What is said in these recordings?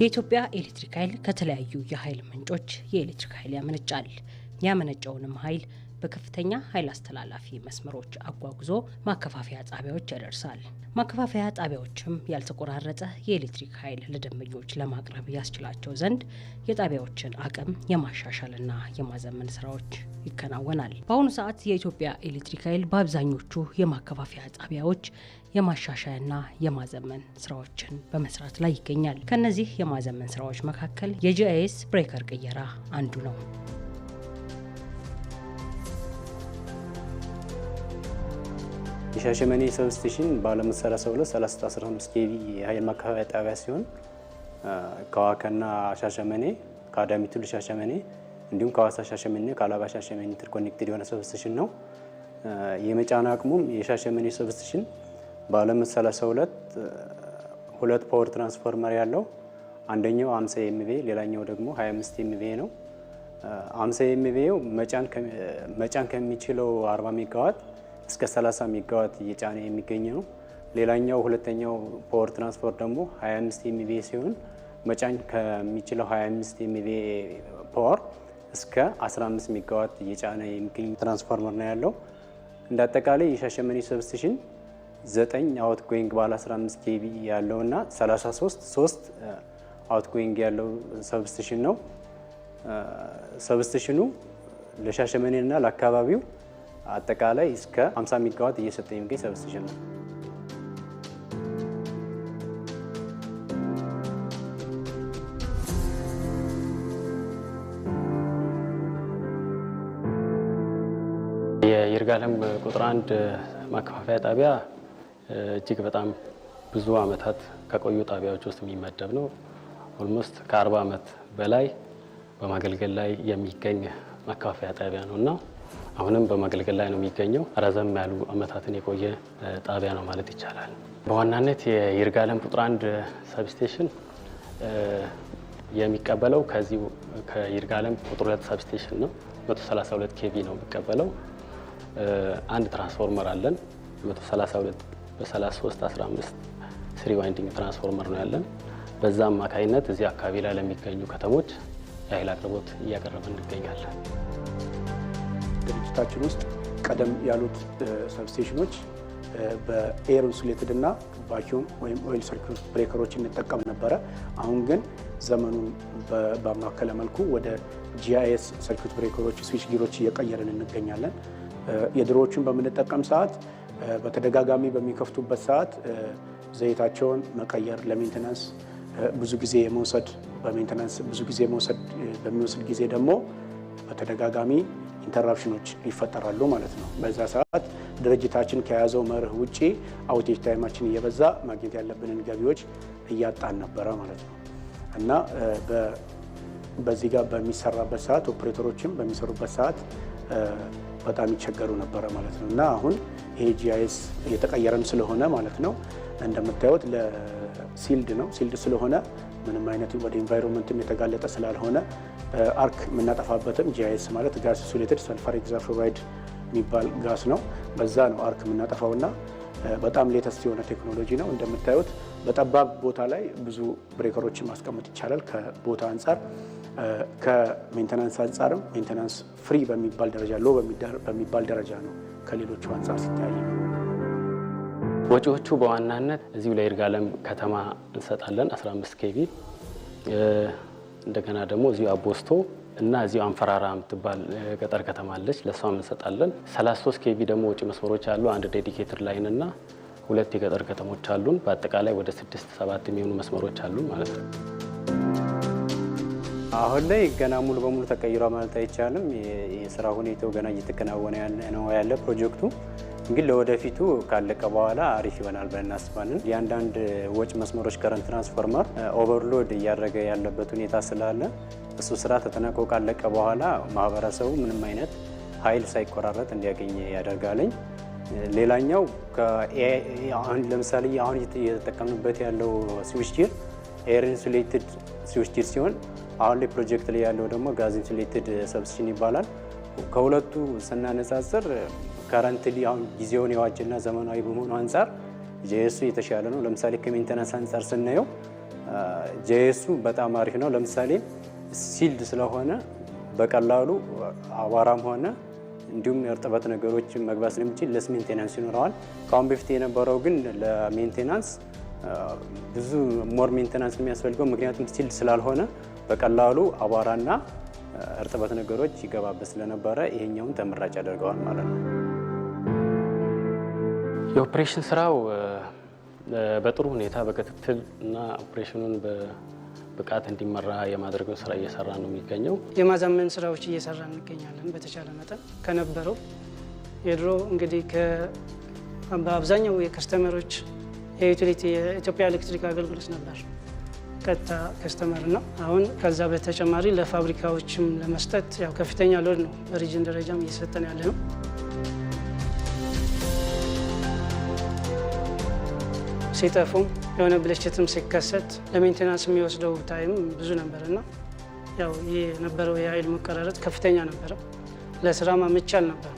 የኢትዮጵያ ኤሌክትሪክ ኃይል ከተለያዩ የኃይል ምንጮች የኤሌክትሪክ ኃይል ያመነጫል። ያመነጨውንም ኃይል በከፍተኛ ኃይል አስተላላፊ መስመሮች አጓጉዞ ማከፋፈያ ጣቢያዎች ያደርሳል። ማከፋፈያ ጣቢያዎችም ያልተቆራረጠ የኤሌክትሪክ ኃይል ለደንበኞች ለማቅረብ ያስችላቸው ዘንድ የጣቢያዎችን አቅም የማሻሻልና የማዘመን ስራዎች ይከናወናል። በአሁኑ ሰዓት የኢትዮጵያ ኤሌክትሪክ ኃይል በአብዛኞቹ የማከፋፈያ ጣቢያዎች የማሻሻያና የማዘመን ስራዎችን በመስራት ላይ ይገኛል። ከነዚህ የማዘመን ስራዎች መካከል የጂአይኤስ ብሬከር ቅየራ አንዱ ነው። የሻሸመኔ ሰብስቴሽን በአለም ሰራ ለ 315 ኬቪ የኃይል ማከፋፈያ ጣቢያ ሲሆን ከዋከና ሻሸመኔ ከአዳሚቱል ሻሸመኔ እንዲሁም ከዋሳ ሻሸመኔ ከአላባ ሻሸመኔ ኢንተርኮኔክትድ የሆነ ሰብስቴሽን ነው። የመጫና አቅሙም የሻሸመኔ ሰብስቴሽን በአለም ሰላሳ ሁለት ሁለት ፓወር ትራንስፎርመር ያለው አንደኛው 50 ኤምቪ ሌላኛው ደግሞ 25 ኤምቪ ነው። 50 ኤምቪው መጫን ከሚችለው 40 ሜጋዋት እስከ 30 ሜጋዋት እየጫነ የሚገኝ ነው። ሌላኛው ሁለተኛው ፓወር ትራንስፖርት ደግሞ 25 ኤምቪኤ ሲሆን መጫን ከሚችለው 25 ኤምቪኤ ፓወር እስከ 15 ሜጋዋት እየጫነ የሚገኝ ትራንስፎርመር ነው ያለው። እንደ አጠቃላይ የሻሸመኔ ሰብስቴሽን 9 አውት ጎይንግ ባለ 15 ኬቪ ያለው እና 33 3 አውት ጎይንግ ያለው ሰብስቴሽን ነው። ሰብስቴሽኑ ለሻሸመኔ እና ለአካባቢው አጠቃላይ እስከ 50 ሜጋዋት እየሰጠ የሚገኝ ሰብስቴሽን ነው። የይርጋለም ቁጥር አንድ ማከፋፈያ ጣቢያ እጅግ በጣም ብዙ ዓመታት ከቆዩ ጣቢያዎች ውስጥ የሚመደብ ነው። ኦልሞስት ከ40 ዓመት በላይ በማገልገል ላይ የሚገኝ ማከፋፈያ ጣቢያ ነው እና አሁንም በማገልገል ላይ ነው የሚገኘው። ረዘም ያሉ አመታትን የቆየ ጣቢያ ነው ማለት ይቻላል። በዋናነት የይርጋለም ቁጥር አንድ ሰብስቴሽን የሚቀበለው ከዚህ ከይርጋለም ቁጥር ሁለት ሰብስቴሽን ነው። 132 ኬቪ ነው የሚቀበለው። አንድ ትራንስፎርመር አለን። 132 በ 3315 15 ስሪ ዋይንዲንግ ትራንስፎርመር ነው ያለን። በዛ አማካኝነት እዚህ አካባቢ ላይ ለሚገኙ ከተሞች የኃይል አቅርቦት እያቀረበ እንገኛለን። ድርጅታችን ውስጥ ቀደም ያሉት ሰብስቴሽኖች በኤር ኢንሱሌትድ እና ቫኪዩም ወይም ኦይል ሰርኪት ብሬከሮች እንጠቀም ነበረ። አሁን ግን ዘመኑን ባማከለ መልኩ ወደ ጂአይኤስ ሰርኪት ብሬከሮች፣ ስዊች ጊሮች እየቀየርን እንገኛለን። የድሮዎቹን በምንጠቀም ሰዓት በተደጋጋሚ በሚከፍቱበት ሰዓት ዘይታቸውን መቀየር ለሜንቴናንስ ብዙ ጊዜ የመውሰድ በሜንቴናንስ ብዙ ጊዜ መውሰድ በሚወስድ ጊዜ ደግሞ በተደጋጋሚ ኢንተራፕሽኖች ይፈጠራሉ ማለት ነው። በዛ ሰዓት ድርጅታችን ከያዘው መርህ ውጪ አውቴጅ ታይማችን እየበዛ ማግኘት ያለብንን ገቢዎች እያጣን ነበረ ማለት ነው እና በዚህ ጋር በሚሰራበት ሰዓት ኦፕሬተሮችም በሚሰሩበት ሰዓት በጣም ይቸገሩ ነበረ ማለት ነው እና አሁን ይሄ ጂአይኤስ እየተቀየረም ስለሆነ ማለት ነው እንደምታዩት ለሲልድ ነው ሲልድ ስለሆነ ምንም አይነት ወደ ኢንቫይሮንመንትም የተጋለጠ ስላልሆነ አርክ የምናጠፋበትም ጂአይኤስ ማለት ጋስ ሱሌትድ ሰልፈር ኤግዛፍሮራይድ የሚባል ጋስ ነው። በዛ ነው አርክ የምናጠፋውና በጣም ሌተስት የሆነ ቴክኖሎጂ ነው። እንደምታዩት በጠባብ ቦታ ላይ ብዙ ብሬከሮችን ማስቀመጥ ይቻላል። ከቦታ አንጻር ከሜንተናንስ አንጻርም ሜንተናንስ ፍሪ በሚባል ደረጃ ሎ በሚባል ደረጃ ነው ከሌሎቹ አንጻር ሲታይ ወጪዎቹ በዋናነት እዚሁ ለይርጋለም ከተማ እንሰጣለን 15 ኬቪ እንደገና ደግሞ እዚሁ አቦስቶ እና እዚሁ አንፈራራ የምትባል ገጠር ከተማ አለች፣ ለእሷም እንሰጣለን። 33 ኬቪ ደግሞ ወጪ መስመሮች አሉ። አንድ ዴዲኬትድ ላይን እና ሁለት የገጠር ከተሞች አሉን። በአጠቃላይ ወደ ስድስት ሰባት የሚሆኑ መስመሮች አሉ ማለት ነው። አሁን ላይ ገና ሙሉ በሙሉ ተቀይሯ ማለት አይቻልም። የስራ ሁኔታው ገና እየተከናወነ ነው ያለ ፕሮጀክቱ ግን ለወደፊቱ ካለቀ በኋላ አሪፍ ይሆናል ብለን እናስባለን። የአንዳንድ ወጭ መስመሮች ከረንት ትራንስፎርመር ኦቨርሎድ እያደረገ ያለበት ሁኔታ ስላለ እሱ ስራ ተጠናቆ ካለቀ በኋላ ማህበረሰቡ ምንም አይነት ኃይል ሳይቆራረጥ እንዲያገኝ ያደርጋለኝ። ሌላኛው አሁን ለምሳሌ አሁን እየተጠቀምበት ያለው ስዊችጌር ኤር ኢንሱሌትድ ስዊችጌር ሲሆን አሁን ላይ ፕሮጀክት ላይ ያለው ደግሞ ጋዝ ኢንሱሌትድ ሰብስሽን ይባላል። ከሁለቱ ስናነጻጽር ካረንትሊ አሁን ጊዜውን የዋጅና ዘመናዊ በመሆኑ አንጻር ጄሱ የተሻለ ነው። ለምሳሌ ከሜንተናንስ አንጻር ስናየው ጄሱ በጣም አሪፍ ነው። ለምሳሌ ሲልድ ስለሆነ በቀላሉ አቧራም ሆነ እንዲሁም እርጥበት ነገሮች መግባት ስለሚችል ለስ ሜንቴናንስ ይኖረዋል። ከአሁን በፊት የነበረው ግን ለሜንቴናንስ ብዙ ሞር ሜንቴናንስ የሚያስፈልገው ምክንያቱም ሲልድ ስላልሆነ በቀላሉ አቧራና እርጥበት ነገሮች ይገባበት ስለነበረ ይሄኛውን ተመራጭ ያደርገዋል ማለት ነው። የኦፕሬሽን ስራው በጥሩ ሁኔታ በክትትል እና ኦፕሬሽኑን በብቃት እንዲመራ የማድረገው ስራ እየሰራ ነው የሚገኘው። የማዛመን ስራዎች እየሰራ እንገኛለን። በተቻለ መጠን ከነበረው የድሮ እንግዲህ በአብዛኛው የከስተመሮች የዩቲሊቲ የኢትዮጵያ ኤሌክትሪክ አገልግሎት ነበር ቀጥታ ከስተመር ነው። አሁን ከዛ በተጨማሪ ለፋብሪካዎችም ለመስጠት ያው ከፍተኛ ሎድ ነው በሪጅን ደረጃም እየሰጠን ያለ ነው። ሲጠፉም የሆነ ብልሽትም ሲከሰት ለሜንቴናንስ የሚወስደው ታይም ብዙ ነበርና ያው የነበረው የኃይል መቀራረት ከፍተኛ ነበረ። ለስራ ማመቻ አልነበረ።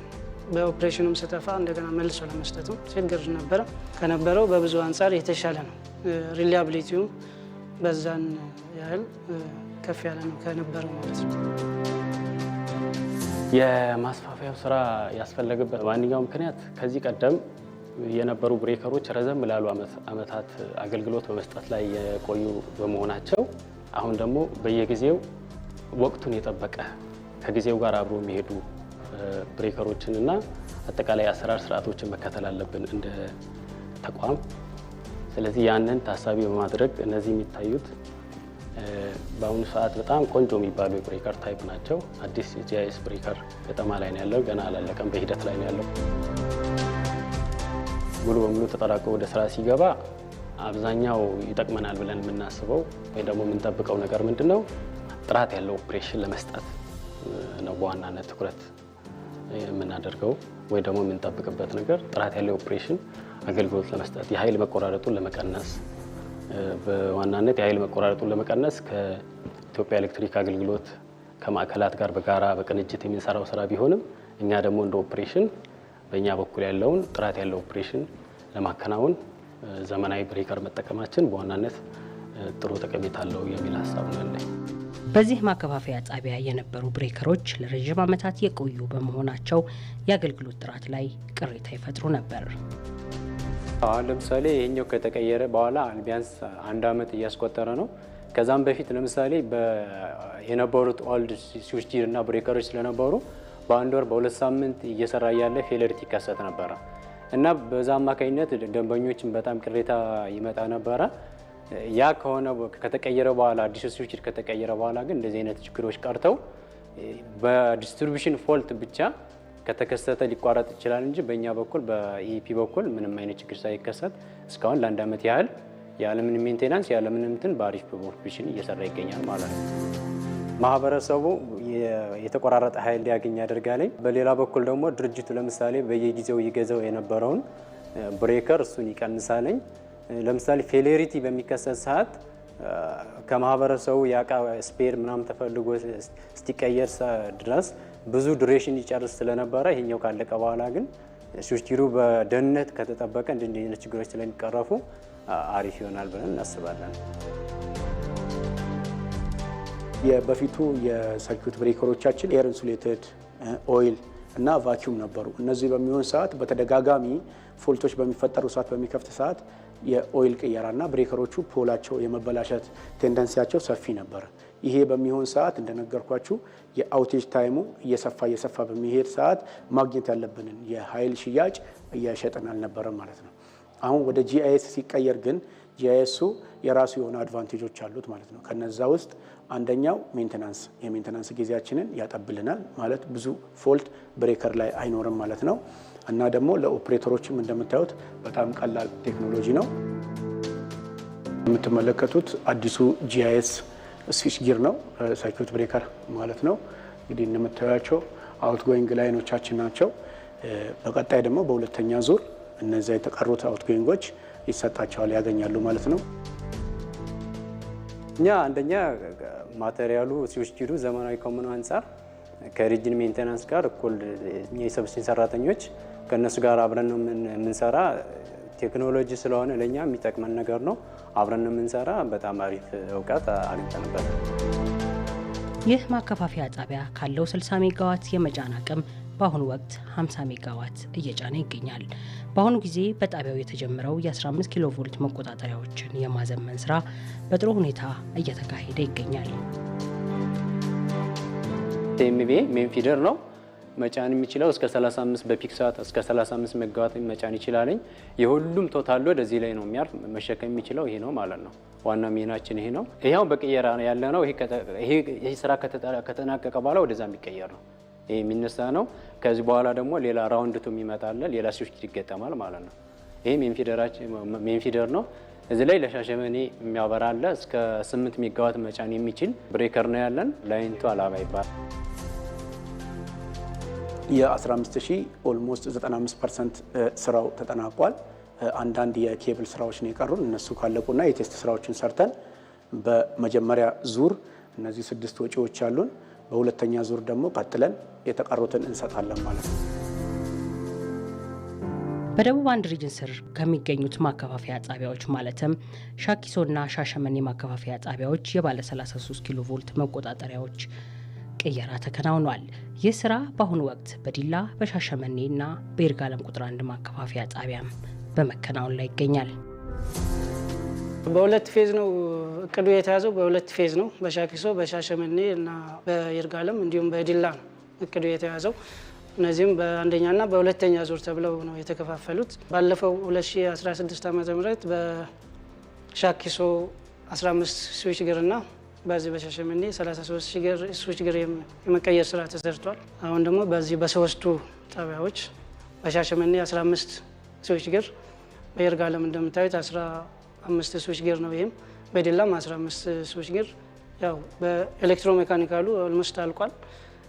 በኦፕሬሽኑም ስጠፋ እንደገና መልሶ ለመስጠትም ችግር ነበረ። ከነበረው በብዙ አንጻር የተሻለ ነው። ሪሊያብሊቲውም በዛን ያህል ከፍ ያለ ነው ከነበረው ማለት ነው። የማስፋፊያው ስራ ያስፈለገበት ዋነኛው ምክንያት ከዚህ ቀደም የነበሩ ብሬከሮች ረዘም ላሉ ዓመታት አገልግሎት በመስጠት ላይ የቆዩ በመሆናቸው አሁን ደግሞ በየጊዜው ወቅቱን የጠበቀ ከጊዜው ጋር አብሮ የሚሄዱ ብሬከሮችን እና አጠቃላይ አሰራር ስርዓቶችን መከተል አለብን እንደ ተቋም። ስለዚህ ያንን ታሳቢ በማድረግ እነዚህ የሚታዩት በአሁኑ ሰዓት በጣም ቆንጆ የሚባሉ የብሬከር ታይፕ ናቸው። አዲስ ጂአይኤስ ብሬከር ገጠማ ላይ ነው ያለው፣ ገና አላለቀም፣ በሂደት ላይ ነው ያለው። ሙሉ በሙሉ ተጠራቆ ወደ ስራ ሲገባ አብዛኛው ይጠቅመናል ብለን የምናስበው ወይ ደግሞ የምንጠብቀው ነገር ምንድን ነው? ጥራት ያለው ኦፕሬሽን ለመስጠት ነው በዋናነት ትኩረት የምናደርገው ወይ ደግሞ የምንጠብቅበት ነገር ጥራት ያለው ኦፕሬሽን አገልግሎት ለመስጠት የኃይል መቆራረጡን ለመቀነስ በዋናነት የኃይል መቆራረጡን ለመቀነስ ከኢትዮጵያ ኤሌክትሪክ አገልግሎት ከማዕከላት ጋር በጋራ በቅንጅት የምንሰራው ስራ ቢሆንም እኛ ደግሞ እንደ ኦፕሬሽን በእኛ በኩል ያለውን ጥራት ያለው ኦፕሬሽን ለማከናወን ዘመናዊ ብሬከር መጠቀማችን በዋናነት ጥሩ ጠቀሜታ አለው የሚል ሀሳብ ነው ያለኝ። በዚህ ማከፋፈያ ጣቢያ የነበሩ ብሬከሮች ለረዥም ዓመታት የቆዩ በመሆናቸው የአገልግሎት ጥራት ላይ ቅሬታ ይፈጥሩ ነበር። አሁን ለምሳሌ ይሄኛው ከተቀየረ በኋላ ቢያንስ አንድ ዓመት እያስቆጠረ ነው። ከዛም በፊት ለምሳሌ የነበሩት ኦልድ ስዊችጌር እና ብሬከሮች ስለነበሩ በአንድ ወር በሁለት ሳምንት እየሰራ ያለ ፌለሪት ይከሰት ነበረ እና በዛ አማካኝነት ደንበኞችን በጣም ቅሬታ ይመጣ ነበረ። ያ ከሆነ ከተቀየረ በኋላ አዲስ ስዊች ከተቀየረ በኋላ ግን እንደዚህ አይነት ችግሮች ቀርተው በዲስትሪቢሽን ፎልት ብቻ ከተከሰተ ሊቋረጥ ይችላል እንጂ በእኛ በኩል በኢፒ በኩል ምንም አይነት ችግር ሳይከሰት እስካሁን ለአንድ ዓመት ያህል ያለምንም ሜንቴናንስ ያለምንም እንትን በአሪፍ ፕሮፖርሽን እየሰራ ይገኛል ማለት ነው። ማህበረሰቡ የተቆራረጠ ኃይል እንዲያገኝ ያደርጋል። በሌላ በኩል ደግሞ ድርጅቱ ለምሳሌ በየጊዜው ይገዛው የነበረውን ብሬከር እሱን ይቀንሳለኝ። ለምሳሌ ፌሌሪቲ በሚከሰት ሰዓት ከማህበረሰቡ የእቃ ስፔር ምናምን ተፈልጎ እስቲቀየር ድረስ ብዙ ዱሬሽን ይጨርስ ስለነበረ ይሄኛው ካለቀ በኋላ ግን ሹሽኪሩ በደህንነት ከተጠበቀ እንዲህ አይነት ችግሮች ስለሚቀረፉ አሪፍ ይሆናል ብለን እናስባለን። በፊቱ የሰርኪዩት ብሬከሮቻችን ኤር ኢንሱሌትድ ኦይል እና ቫኪዩም ነበሩ። እነዚህ በሚሆን ሰዓት በተደጋጋሚ ፎልቶች በሚፈጠሩ ሰዓት በሚከፍት ሰዓት የኦይል ቅየራና ብሬከሮቹ ፖላቸው የመበላሸት ቴንደንሲያቸው ሰፊ ነበር ይሄ በሚሆን ሰዓት እንደነገርኳችሁ የአውቴጅ ታይሙ እየሰፋ እየሰፋ በሚሄድ ሰዓት ማግኘት ያለብንን የኃይል ሽያጭ እያሸጠን አልነበረም ማለት ነው። አሁን ወደ ጂአይኤስ ሲቀየር ግን ጂአይኤሱ የራሱ የሆነ አድቫንቴጆች አሉት ማለት ነው። ከነዛ ውስጥ አንደኛው ሜንቴናንስ የሜንቴናንስ ጊዜያችንን ያጠብልናል ማለት ብዙ ፎልት ብሬከር ላይ አይኖርም ማለት ነው። እና ደግሞ ለኦፕሬተሮችም እንደምታዩት በጣም ቀላል ቴክኖሎጂ ነው። የምትመለከቱት አዲሱ ጂአይኤስ ስዊች ጊር ነው፣ ሰርኪዩት ብሬከር ማለት ነው። እንግዲህ እንደምታዩቸው አውትጎይንግ ላይኖቻችን ናቸው። በቀጣይ ደግሞ በሁለተኛ ዙር እነዚያ የተቀሩት አውትጎይንጎች ይሰጣቸዋል፣ ያገኛሉ ማለት ነው። እኛ አንደኛ ማቴሪያሉ ሲወስጅዱ ዘመናዊ ከመሆኑ አንጻር ከሪጅን ሜንቴናንስ ጋር እኩል እኛ የሰብስቲን ሰራተኞች ከእነሱ ጋር አብረን ነው የምንሰራ። ቴክኖሎጂ ስለሆነ ለእኛ የሚጠቅመን ነገር ነው። አብረን ነው የምንሰራ። በጣም አሪፍ እውቀት አግኝተንበት ይህ ማከፋፈያ ጣቢያ ካለው 60 ሜጋዋት የመጫን አቅም በአሁኑ ወቅት 50 ሜጋዋት እየጫነ ይገኛል። በአሁኑ ጊዜ በጣቢያው የተጀመረው የ15 ኪሎ ቮልት መቆጣጠሪያዎችን የማዘመን ስራ በጥሩ ሁኔታ እየተካሄደ ይገኛል። ቴምቤ ሜን ፊደር ነው መጫን የሚችለው እስከ 35 በፒክ ሰዓት እስከ 35 ሜጋዋት መጫን ይችላለኝ። የሁሉም ቶታል ወደዚህ ላይ ነው የሚያርፍ መሸከም የሚችለው ይሄ ነው ማለት ነው። ዋና ሚናችን ይሄ ነው። ይሄው በቅየራ ያለ ነው። ይሄ ስራ ከተጠናቀቀ በኋላ ወደዛ የሚቀየር ነው። የሚነሳ ነው። ከዚህ በኋላ ደግሞ ሌላ ራውንድ ቱ የሚመጣለ ሌላ ስዊች ይገጠማል ማለት ነው። ይሄ ሜንፊደር ነው። እዚህ ላይ ለሻሸመኔ የሚያበራለ እስከ 8 ሜጋዋት መጫን የሚችል ብሬከር ነው ያለን። ላይንቱ አላባ ይባላል። የ15 ኦልሞስት 95 ፐርሰንት ስራው ተጠናቋል። አንዳንድ የኬብል ስራዎች ነው የቀሩን። እነሱ ካለቁና የቴስት ስራዎችን ሰርተን በመጀመሪያ ዙር እነዚህ ስድስት ወጪዎች አሉን በሁለተኛ ዙር ደግሞ ቀጥለን የተቀሩትን እንሰጣለን ማለት ነው። በደቡብ አንድ ሪጅን ስር ከሚገኙት ማከፋፈያ ጣቢያዎች ማለትም ሻኪሶና ሻሸመኔ ማከፋፈያ ጣቢያዎች የባለ 33 ኪሎ ቮልት መቆጣጠሪያዎች ቅየራ ተከናውኗል። ይህ ስራ በአሁኑ ወቅት በዲላ በሻሸመኔና በይርጋለም ቁጥር አንድ ማከፋፈያ ጣቢያም በመከናወን ላይ ይገኛል። በሁለት ፌዝ ነው እቅዱ የተያዘው። በሁለት ፌዝ ነው በሻኪሶ በሻሸመኔ እና በይርጋለም እንዲሁም በዲላ ነው እቅዱ የተያዘው። እነዚህም በአንደኛና በሁለተኛ ዙር ተብለው ነው የተከፋፈሉት። ባለፈው 2016 ዓ ም በሻኪሶ 15 ስዊች ግርና በዚህ በሻሸመኔ 33 ስዊች ግር የመቀየር ስራ ተሰርቷል። አሁን ደግሞ በዚህ በሶስቱ ጣቢያዎች በሻሸመኔ 15 ስዊች ግር፣ በይርጋለም እንደምታዩት አምስት ስዊች ጌር ነው። ይህም በዲላም 15 ስዊች ጌር ያው በኤሌክትሮ ኦልሞስት አልቋል።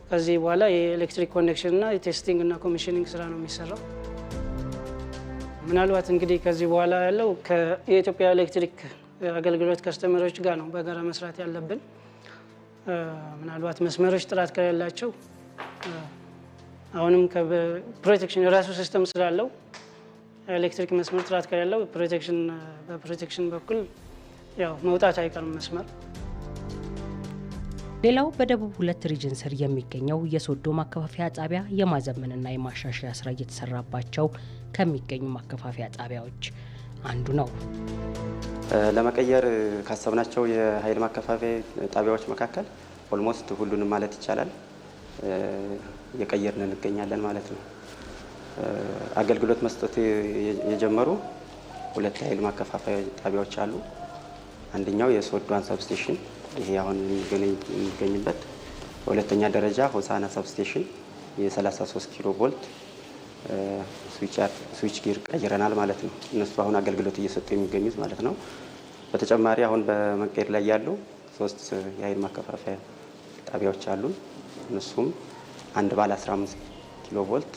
ከዚህ በኋላ የኤሌክትሪክ ኮኔክሽን እና የቴስቲንግ እና ኮሚሽኒንግ ስራ ነው የሚሰራው። ምናልባት እንግዲህ ከዚህ በኋላ ያለው የኢትዮጵያ ኤሌክትሪክ አገልግሎት ከስተመሮች ጋር ነው በጋራ መስራት ያለብን። ምናልባት መስመሮች ጥራት ከሌላቸው አሁንም ፕሮቴክሽን የራሱ ሲስተም ስላለው ኤሌክትሪክ መስመር ጥራት ከሌለው በፕሮቴክሽን በኩል ያው መውጣት አይቀርም መስመር። ሌላው በደቡብ ሁለት ሪጅን ስር የሚገኘው የሶዶ ማከፋፈያ ጣቢያ የማዘመንና የማሻሻያ ስራ እየተሰራባቸው ከሚገኙ ማከፋፈያ ጣቢያዎች አንዱ ነው። ለመቀየር ካሰብናቸው የኃይል ማከፋፈያ ጣቢያዎች መካከል ኦልሞስት ሁሉንም ማለት ይቻላል እየቀየርን እንገኛለን ማለት ነው። አገልግሎት መስጠት የጀመሩ ሁለት ኃይል ማከፋፈያ ጣቢያዎች አሉ። አንደኛው የሶዶን ሰብስቴሽን ይሄ አሁን የሚገኝበት፣ በሁለተኛ ደረጃ ሆሳና ሰብስቴሽን የ33 ኪሎ ቮልት ስዊች ጊር ቀይረናል ማለት ነው። እነሱ አሁን አገልግሎት እየሰጡ የሚገኙት ማለት ነው። በተጨማሪ አሁን በመቀየር ላይ ያሉ ሶስት የኃይል ማከፋፈያ ጣቢያዎች አሉ። እነሱም አንድ ባለ 15 ኪሎ ቮልት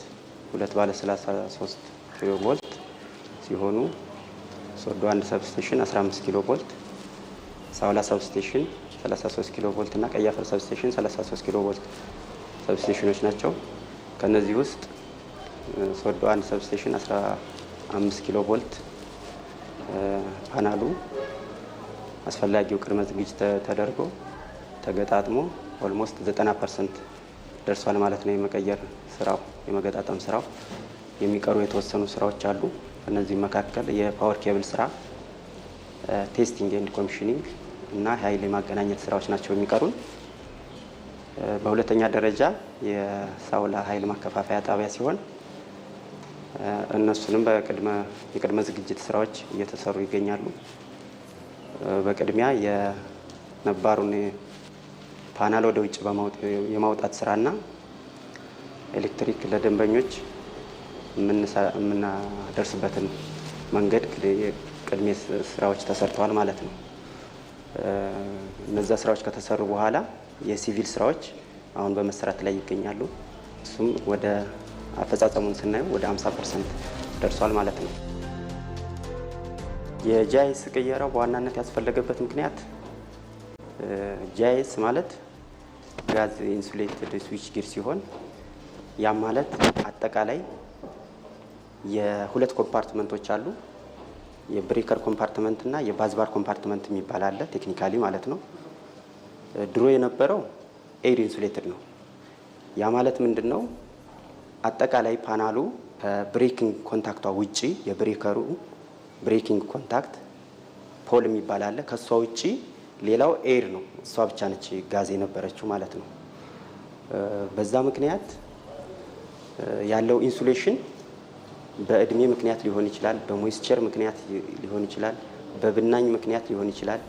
ሁለት ባለ 33 ኪሎ ቮልት ሲሆኑ ሶዶ አንድ ሰብስቴሽን 15 ኪሎ ቮልት፣ ሳውላ ሰብስቴሽን 33 ኪሎ ቮልት እና ቀይ አፈር ሰብስቴሽን 33 ኪሎ ቮልት ሰብስቴሽኖች ናቸው። ከነዚህ ውስጥ ሶዶ አንድ ሰብስቴሽን 15 ኪሎ ቮልት ፓናሉ አስፈላጊው ቅድመ ዝግጅት ተደርጎ ተገጣጥሞ ኦልሞስት 90 ፐርሰንት ደርሷል ማለት ነው። የመቀየር ስራው የመገጣጠም ስራው የሚቀሩ የተወሰኑ ስራዎች አሉ። ከእነዚህ መካከል የፓወር ኬብል ስራ፣ ቴስቲንግ ኤንድ ኮሚሽኒንግ እና ኃይል የማገናኘት ስራዎች ናቸው የሚቀሩን። በሁለተኛ ደረጃ የሳውላ ኃይል ማከፋፈያ ጣቢያ ሲሆን እነሱንም የቅድመ ዝግጅት ስራዎች እየተሰሩ ይገኛሉ። በቅድሚያ የነባሩን ፓናል ወደ ውጭ የማውጣት ስራና ኤሌክትሪክ ለደንበኞች የምናደርስበትን መንገድ ቅድሜ ስራዎች ተሰርተዋል ማለት ነው። እነዛ ስራዎች ከተሰሩ በኋላ የሲቪል ስራዎች አሁን በመሰራት ላይ ይገኛሉ። እሱም ወደ አፈጻጸሙን ስናየው ወደ 50 ፐርሰንት ደርሷል ማለት ነው። የጃይስ ቅየራው በዋናነት ያስፈለገበት ምክንያት ጃይስ ማለት ጋዝ ኢንሱሌትድ ስዊች ጊር ሲሆን ያም ማለት አጠቃላይ የሁለት ኮምፓርትመንቶች አሉ። የብሬከር ኮምፓርትመንት እና የባዝባር ኮምፓርትመንት የሚባል አለ፣ ቴክኒካሊ ማለት ነው። ድሮ የነበረው ኤር ኢንሱሌትድ ነው። ያ ማለት ምንድን ነው? አጠቃላይ ፓናሉ ከብሬኪንግ ኮንታክቷ ውጪ የብሬከሩ ብሬኪንግ ኮንታክት ፖል የሚባል አለ፣ ከእሷ ውጪ ሌላው ኤር ነው። እሷ ብቻ ነች ጋዝ የነበረችው ማለት ነው። በዛ ምክንያት ያለው ኢንሱሌሽን በእድሜ ምክንያት ሊሆን ይችላል፣ በሞይስቸር ምክንያት ሊሆን ይችላል፣ በብናኝ ምክንያት ሊሆን ይችላል።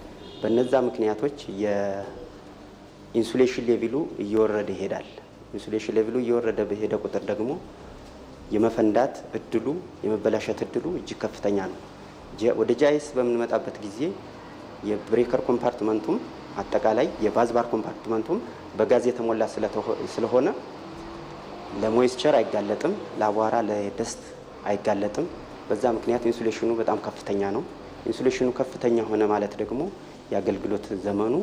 በነዛ ምክንያቶች የኢንሱሌሽን ሌቪሉ እየወረደ ይሄዳል። ኢንሱሌሽን ሌቪሉ እየወረደ በሄደ ቁጥር ደግሞ የመፈንዳት እድሉ የመበላሸት እድሉ እጅግ ከፍተኛ ነው። ወደ ጃይስ በምንመጣበት ጊዜ የብሬከር ኮምፓርትመንቱም አጠቃላይ የባዝባር ኮምፓርትመንቱም በጋዝ የተሞላ ስለሆነ ለሞይስቸር አይጋለጥም፣ ለአቧራ ለደስት አይጋለጥም። በዛ ምክንያት ኢንሱሌሽኑ በጣም ከፍተኛ ነው። ኢንሱሌሽኑ ከፍተኛ ሆነ ማለት ደግሞ የአገልግሎት ዘመኑ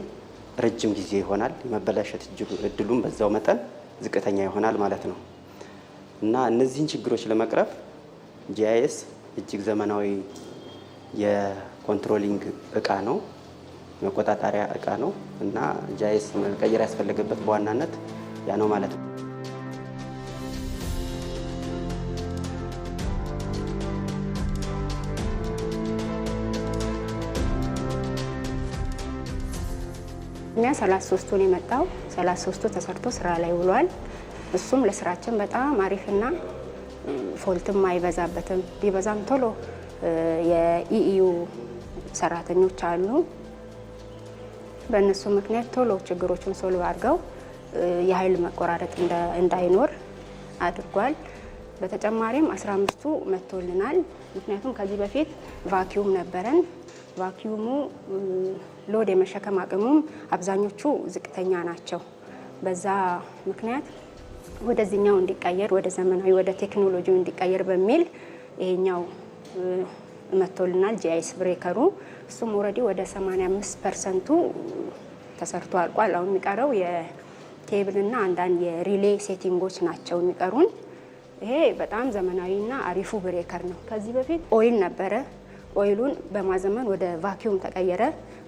ረጅም ጊዜ ይሆናል። የመበላሸት እድሉም በዛው መጠን ዝቅተኛ ይሆናል ማለት ነው እና እነዚህን ችግሮች ለመቅረፍ ጂአይኤስ እጅግ ዘመናዊ ኮንትሮሊንግ እቃ ነው፣ መቆጣጠሪያ እቃ ነው እና ጃይስ መቀየር ያስፈለገበት በዋናነት ያ ነው ማለት ነው። እኛ 33ቱን የመጣው 33ቱ ተሰርቶ ስራ ላይ ውሏል። እሱም ለስራችን በጣም አሪፍና ፎልትም አይበዛበትም ቢበዛም ቶሎ የኢኢዩ ሰራተኞች አሉ። በእነሱ ምክንያት ቶሎ ችግሮችን ሶልቭ አድርገው የኃይል መቆራረጥ እንዳይኖር አድርጓል። በተጨማሪም አስራ አምስቱ መጥቶልናል። ምክንያቱም ከዚህ በፊት ቫኪዩም ነበረን። ቫኪዩሙ ሎድ የመሸከም አቅሙም አብዛኞቹ ዝቅተኛ ናቸው። በዛ ምክንያት ወደዚህኛው እንዲቀየር ወደ ዘመናዊ ወደ ቴክኖሎጂው እንዲቀየር በሚል ይሄኛው መጥቶልናል። ጂአይስ ብሬከሩ እሱም ኦልሬዲ ወደ 85 ፐርሰንቱ ተሰርቶ አልቋል። አሁን የሚቀረው የቴብልና አንዳንድ የሪሌ ሴቲንጎች ናቸው የሚቀሩን። ይሄ በጣም ዘመናዊና አሪፉ ብሬከር ነው። ከዚህ በፊት ኦይል ነበረ። ኦይሉን በማዘመን ወደ ቫኪዩም ተቀየረ።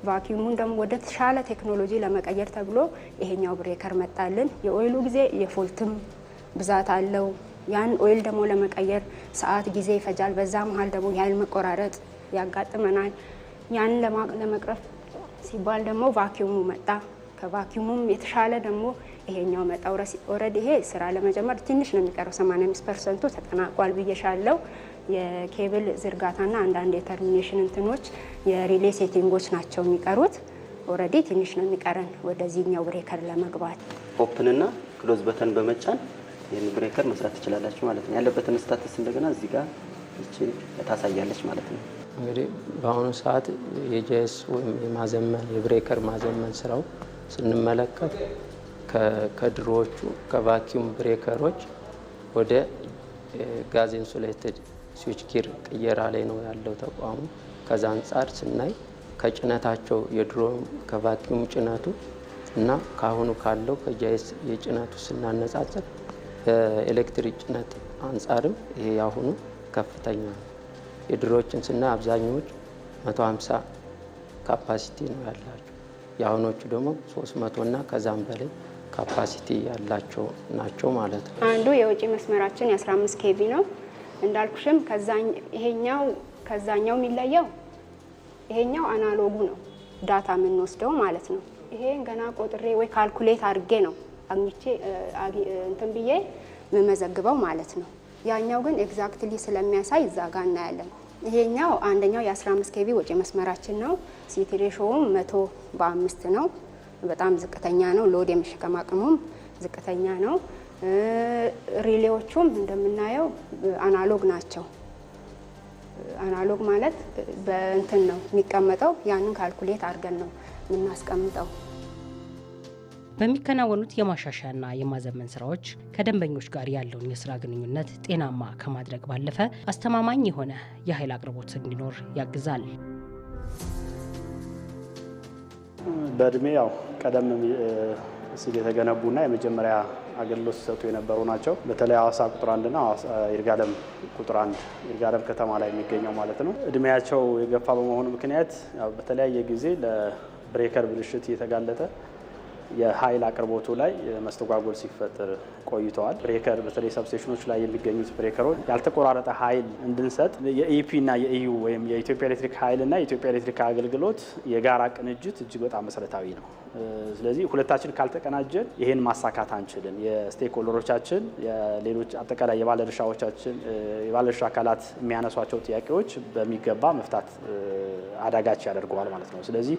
ቫኪዩሙን ደግሞ ወደ ተሻለ ቴክኖሎጂ ለመቀየር ተብሎ ይሄኛው ብሬከር መጣልን። የኦይሉ ጊዜ የፎልትም ብዛት አለው ያን ኦይል ደግሞ ለመቀየር ሰዓት ጊዜ ይፈጃል። በዛ መሀል ደግሞ የኃይል መቆራረጥ ያጋጥመናል። ያን ለመቅረፍ ሲባል ደግሞ ቫኪዩሙ መጣ። ከቫኪዩሙም የተሻለ ደግሞ ይሄኛው መጣ። ኦልሬዲ ይሄ ስራ ለመጀመር ትንሽ ነው የሚቀረው። 85 ፐርሰንቱ ተጠናቋል ብዬሻለው። የኬብል ዝርጋታና አንዳንድ የተርሚኔሽን እንትኖች የሪሌ ሴቲንጎች ናቸው የሚቀሩት። ኦልሬዲ ትንሽ ነው የሚቀረን ወደዚህኛው ብሬከር ለመግባት ኦፕንና ክሎዝ በተን በመጫን ይህን ብሬከር መስራት ትችላላችሁ ማለት ነው። ያለበትን ስታትስ እንደገና እዚህ ጋር እቺ ታሳያለች ማለት ነው። እንግዲህ በአሁኑ ሰዓት የጄስ ወይም የማዘመን የብሬከር ማዘመን ስራው ስንመለከት ከድሮዎቹ ከቫኪዩም ብሬከሮች ወደ ጋዝ ኢንሱሌትድ ስዊች ጊር ቅየራ ላይ ነው ያለው ተቋሙ። ከዛ አንጻር ስናይ ከጭነታቸው የድሮ ከቫኪዩም ጭነቱ እና ከአሁኑ ካለው ከጃይስ የጭነቱ ስናነጻጽር ከኤሌክትሪክ ጭነት አንጻርም ይሄ ያሁኑ ከፍተኛ ነው። የድሮዎችን ስና አብዛኛዎቹ 150 ካፓሲቲ ነው ያላቸው። የአሁኖቹ ደግሞ 300 እና ከዛም በላይ ካፓሲቲ ያላቸው ናቸው ማለት ነው። አንዱ የውጪ መስመራችን የ15 ኬቪ ነው እንዳልኩሽም፣ ይሄኛው ከዛኛው የሚለየው ይሄኛው አናሎጉ ነው ዳታ የምንወስደው ማለት ነው። ይሄን ገና ቆጥሬ ወይ ካልኩሌት አድርጌ ነው አግኝቼ እንትን ብዬ የምመዘግበው ማለት ነው። ያኛው ግን ኤግዛክትሊ ስለሚያሳይ እዛ ጋር እናያለን። ይሄኛው አንደኛው የ15 ኬቪ ወጪ መስመራችን ነው። ሲቲ ሬሾውም መቶ በአምስት ነው። በጣም ዝቅተኛ ነው። ሎድ የመሸከም አቅሙም ዝቅተኛ ነው። ሪሌዎቹም እንደምናየው አናሎግ ናቸው። አናሎግ ማለት በእንትን ነው የሚቀመጠው። ያንን ካልኩሌት አድርገን ነው የምናስቀምጠው። በሚከናወኑት የማሻሻያና የማዘመን ስራዎች ከደንበኞች ጋር ያለውን የስራ ግንኙነት ጤናማ ከማድረግ ባለፈ አስተማማኝ የሆነ የኃይል አቅርቦት እንዲኖር ያግዛል። በእድሜ ያው ቀደም ሲል የተገነቡና የመጀመሪያ አገልግሎት ሲሰጡ የነበሩ ናቸው። በተለይ አዋሳ ቁጥር አንድና ይርጋለም ቁጥር አንድ ይርጋለም ከተማ ላይ የሚገኘው ማለት ነው። እድሜያቸው የገፋ በመሆኑ ምክንያት በተለያየ ጊዜ ለብሬከር ብልሽት እየተጋለጠ የኃይል አቅርቦቱ ላይ መስተጓጎል ሲፈጥር ቆይተዋል። ብሬከር በተለይ ሰብስቴሽኖች ላይ የሚገኙት ብሬከሮች ያልተቆራረጠ ኃይል እንድንሰጥ የኢፒ እና የኢዩ ወይም የኢትዮጵያ ኤሌክትሪክ ኃይል እና የኢትዮጵያ ኤሌክትሪክ አገልግሎት የጋራ ቅንጅት እጅግ በጣም መሰረታዊ ነው። ስለዚህ ሁለታችን ካልተቀናጀን ይህን ማሳካት አንችልም። የስቴክሆልደሮቻችን ሌሎች የሌሎች አጠቃላይ የባለድርሻዎቻችን የባለድርሻ አካላት የሚያነሷቸው ጥያቄዎች በሚገባ መፍታት አዳጋች ያደርገዋል ማለት ነው። ስለዚህ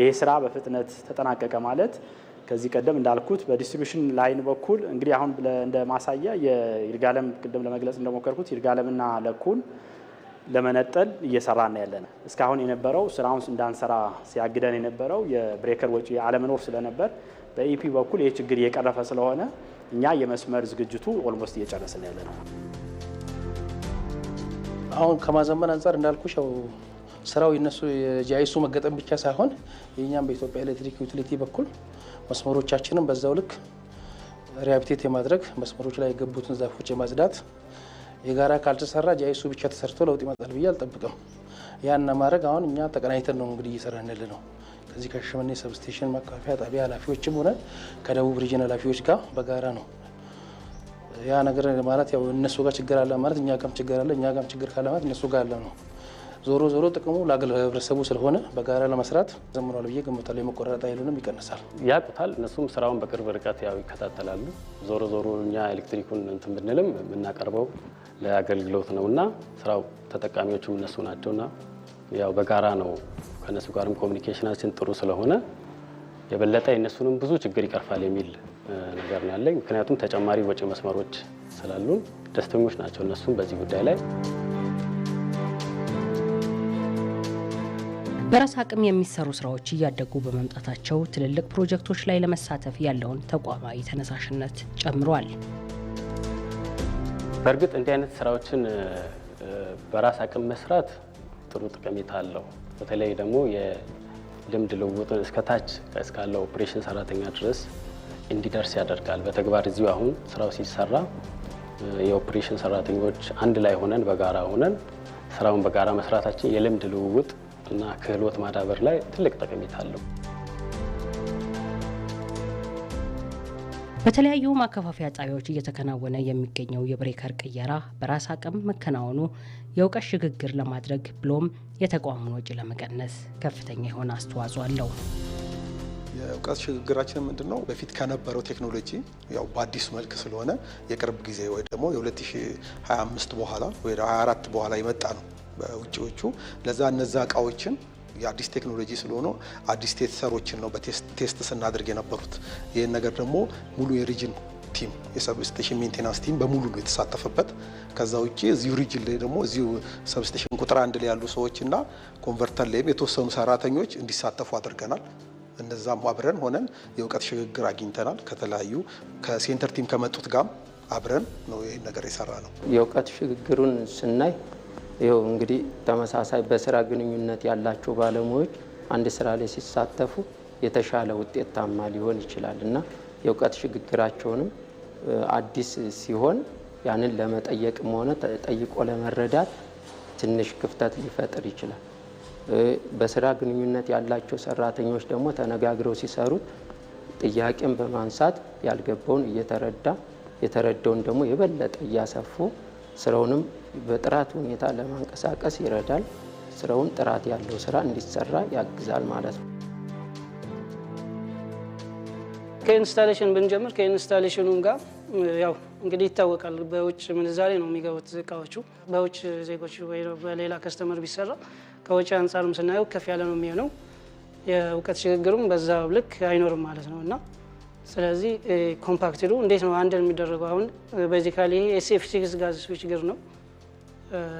ይሄ ስራ በፍጥነት ተጠናቀቀ ማለት ከዚህ ቀደም እንዳልኩት በዲስትሪቢሽን ላይን በኩል እንግዲህ አሁን እንደ ማሳያ የይርጋለም ቅድም ለመግለጽ እንደሞከርኩት ይርጋለምና ለኩን ለመነጠል እየሰራን ያለ እስካሁን የነበረው ስራውን እንዳንሰራ ሲያግደን የነበረው የብሬከር ወጪ አለመኖር ስለነበር በኢፒ በኩል ይህ ችግር እየቀረፈ ስለሆነ እኛ የመስመር ዝግጅቱ ኦልሞስት እየጨረስን ያለ ነው። አሁን ከማዘመን አንጻር እንዳልኩሽ ያው ስራው የነሱ የጂአይሱ መገጠም ብቻ ሳይሆን የእኛም በኢትዮጵያ ኤሌክትሪክ ዩቲሊቲ በኩል መስመሮቻችንም በዛው ልክ ሪያቢቴት የማድረግ መስመሮች ላይ የገቡትን ዛፎች የማጽዳት የጋራ ካልተሰራ ጃይሱ ብቻ ተሰርቶ ለውጥ ይመጣል ብዬ አልጠብቅም። ያን ማድረግ አሁን እኛ ተቀናኝተን ነው እንግዲህ እየሰራን ያለ ነው። ከዚህ ከሻሸመኔ ሰብስቴሽን ማከፋፈያ ጣቢያ ኃላፊዎችም ሆነ ከደቡብ ሪጅን ኃላፊዎች ጋር በጋራ ነው ያ ነገር ማለት ያው እነሱ ጋር ችግር አለ ማለት እኛ ጋርም ችግር አለ፣ እኛ ጋርም ችግር ካለ ማለት እነሱ ጋር አለ ነው። ዞሮ ዞሮ ጥቅሙ ለህብረተሰቡ ስለሆነ በጋራ ለመስራት ዘምኗል ብዬ ገምታለሁ። የመቆራረጥ ኃይሉንም ይቀንሳል፣ ያቁታል እነሱም ስራውን በቅርብ ርቀት ያው ይከታተላሉ። ዞሮ ዞሮ እኛ ኤሌክትሪኩን እንትን ብንልም የምናቀርበው ለአገልግሎት ነው እና ስራው ተጠቃሚዎቹም እነሱ ናቸውና ያው በጋራ ነው። ከእነሱ ጋርም ኮሚኒኬሽናችን ጥሩ ስለሆነ የበለጠ የእነሱንም ብዙ ችግር ይቀርፋል የሚል ነገር ነው ያለኝ። ምክንያቱም ተጨማሪ ወጪ መስመሮች ስላሉን ደስተኞች ናቸው እነሱም በዚህ ጉዳይ ላይ በራስ አቅም የሚሰሩ ስራዎች እያደጉ በመምጣታቸው ትልልቅ ፕሮጀክቶች ላይ ለመሳተፍ ያለውን ተቋማዊ ተነሳሽነት ጨምሯል። በእርግጥ እንዲህ አይነት ስራዎችን በራስ አቅም መስራት ጥሩ ጠቀሜታ አለው። በተለይ ደግሞ የልምድ ልውውጥን እስከታች እስካለ ኦፕሬሽን ሰራተኛ ድረስ እንዲደርስ ያደርጋል። በተግባር እዚሁ አሁን ስራው ሲሰራ የኦፕሬሽን ሰራተኞች አንድ ላይ ሆነን በጋራ ሆነን ስራውን በጋራ መስራታችን የልምድ ልውውጥ እና ክህሎት ማዳበር ላይ ትልቅ ጠቀሜታ አለው። በተለያዩ ማከፋፈያ ጣቢያዎች እየተከናወነ የሚገኘው የብሬከር ቅየራ በራስ አቅም መከናወኑ የእውቀት ሽግግር ለማድረግ ብሎም የተቋሙን ወጪ ለመቀነስ ከፍተኛ የሆነ አስተዋጽኦ አለው። የእውቀት ሽግግራችን ምንድን ነው? በፊት ከነበረው ቴክኖሎጂ ያው በአዲሱ መልክ ስለሆነ የቅርብ ጊዜ ወይ ደግሞ የ2025 በኋላ ወይ 24 በኋላ ይመጣ ነው በውጭዎቹ ለዛ እነዛ እቃዎችን የአዲስ ቴክኖሎጂ ስለሆነ አዲስ ቴስተሮችን ነው በቴስት ስናደርግ የነበሩት። ይህን ነገር ደግሞ ሙሉ የሪጅን ቲም የሰብስቴሽን ሜንቴናንስ ቲም በሙሉ ነው የተሳተፈበት። ከዛ ውጭ እዚሁ ሪጅን ላይ ደግሞ እዚሁ ሰብስቴሽን ቁጥር አንድ ላይ ያሉ ሰዎች እና ኮንቨርተር ላይም የተወሰኑ ሰራተኞች እንዲሳተፉ አድርገናል። እነዛም አብረን ሆነን የእውቀት ሽግግር አግኝተናል። ከተለያዩ ከሴንተር ቲም ከመጡት ጋር አብረን ነው ይህን ነገር የሰራ ነው። የእውቀት ሽግግሩን ስናይ ይኸው እንግዲህ ተመሳሳይ በስራ ግንኙነት ያላቸው ባለሙያዎች አንድ ስራ ላይ ሲሳተፉ የተሻለ ውጤታማ ሊሆን ይችላል እና የእውቀት ሽግግራቸውንም አዲስ ሲሆን ያንን ለመጠየቅም ሆነ ጠይቆ ለመረዳት ትንሽ ክፍተት ሊፈጥር ይችላል። በስራ ግንኙነት ያላቸው ሰራተኞች ደግሞ ተነጋግረው ሲሰሩት ጥያቄን በማንሳት ያልገባውን እየተረዳ የተረዳውን ደግሞ የበለጠ እያሰፉ ስራውንም በጥራት ሁኔታ ለማንቀሳቀስ ይረዳል። ስራውን ጥራት ያለው ስራ እንዲሰራ ያግዛል ማለት ነው። ከኢንስታሌሽን ብንጀምር ከኢንስታሌሽኑም ጋር ያው እንግዲህ ይታወቃል። በውጭ ምንዛሬ ነው የሚገቡት እቃዎቹ። በውጭ ዜጎች ወይ በሌላ ከስተመር ቢሰራ ከውጭ አንጻርም ስናየው ከፍ ያለ ነው የሚሆነው። የእውቀት ሽግግሩም በዛ ልክ አይኖርም ማለት ነው እና ስለዚህ ኮምፓክትሉ እንዴት ነው አንድ የሚደረገው? አሁን ቤዚካሊ ኤስኤፍ ሲክስ ጋዝ ስዊችግር ነው።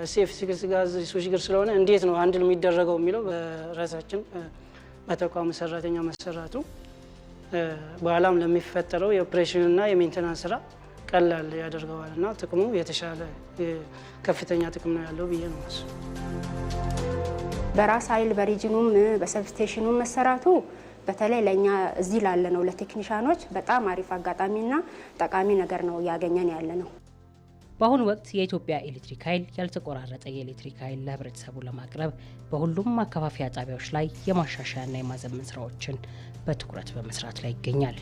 ኤስኤፍ ሲክስ ጋዝ ስዊችግር ስለሆነ እንዴት ነው አንድ የሚደረገው የሚለው በራሳችን በተቋሙ ሰራተኛ መሰራቱ በኋላም ለሚፈጠረው የኦፕሬሽንና የሜንቴናንስ ስራ ቀላል ያደርገዋል እና ጥቅሙ የተሻለ ከፍተኛ ጥቅም ነው ያለው ብዬ ነው በራስ ኃይል በሪጅኑም በሰብስቴሽኑም መሰራቱ በተለይ ለእኛ እዚህ ላለ ነው ለቴክኒሻኖች በጣም አሪፍ አጋጣሚና ጠቃሚ ነገር ነው እያገኘን ያለ ነው። በአሁኑ ወቅት የኢትዮጵያ ኤሌክትሪክ ኃይል ያልተቆራረጠ የኤሌክትሪክ ኃይል ለህብረተሰቡ ለማቅረብ በሁሉም ማከፋፈያ ጣቢያዎች ላይ የማሻሻያና የማዘመን ስራዎችን በትኩረት በመስራት ላይ ይገኛል።